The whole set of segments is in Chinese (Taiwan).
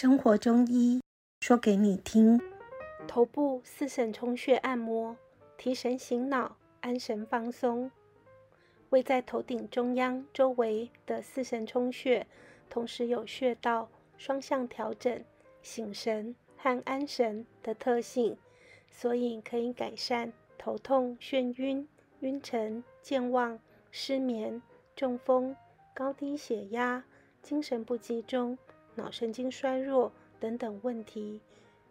生活中醫說給你聽：頭部四神聰穴按摩，提神醒腦、安神放鬆。位在頭頂中央周圍的四神聰穴，同時有穴道雙向調整、醒神和安神的特性，所以可以改善頭痛、眩暈、暈沉、健忘、失眠、中風、高低血壓、精神不集中。腦神經衰弱等等問題，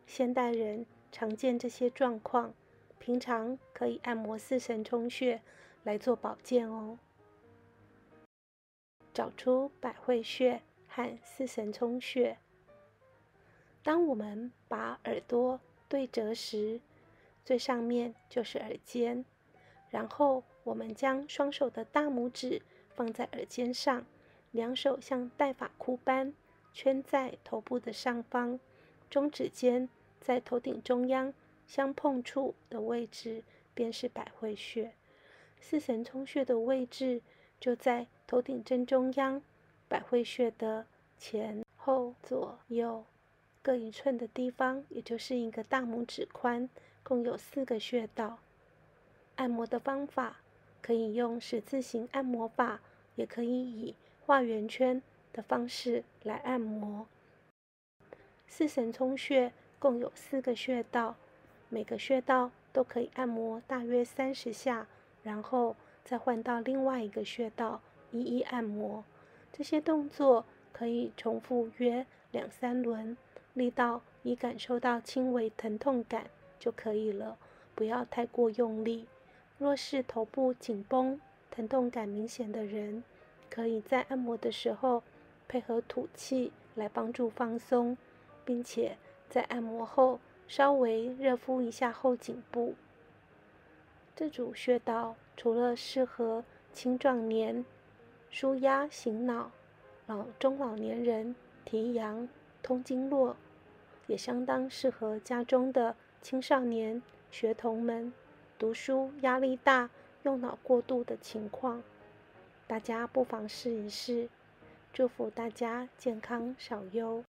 現代人常見這些狀況。平常可以按摩四神聰穴來做保健哦。找出百會穴和四神聰穴。當我們把耳朵對折時，最上面就是耳尖。然後我們將雙手的大拇指放在耳尖上，兩手像戴髮箍般。圈在頭部的上方，中指尖在頭頂中央相碰觸的位置，便是百會穴。四神聰穴的位置就在頭頂正中央，百會穴的前後左右各一寸的地方，也就是一個大拇指寬，共有四個穴道。按摩的方法可以用十字型按摩法，也可以以畫圓圈。的方式來按摩。四神聰穴，共有四個穴道，每個穴道都可以按摩大約三十下，然後再換到另外一個穴道，一一按摩。這些動作可以重複約兩三輪，力道以感受到輕微疼痛感就可以了，不要太過用力。若是頭部緊繃、疼痛感明顯的人，可以在按摩的時候，配合吐氣來幫助放鬆，並且在按摩後稍微熱敷一下後頸部。這組穴道除了適合青壯年舒壓醒腦，老中老年人提陽通經絡，也相當適合家中的青少年學童們讀書、壓力大、用腦過度的情況，大家不妨試一試。祝福大家健康少憂。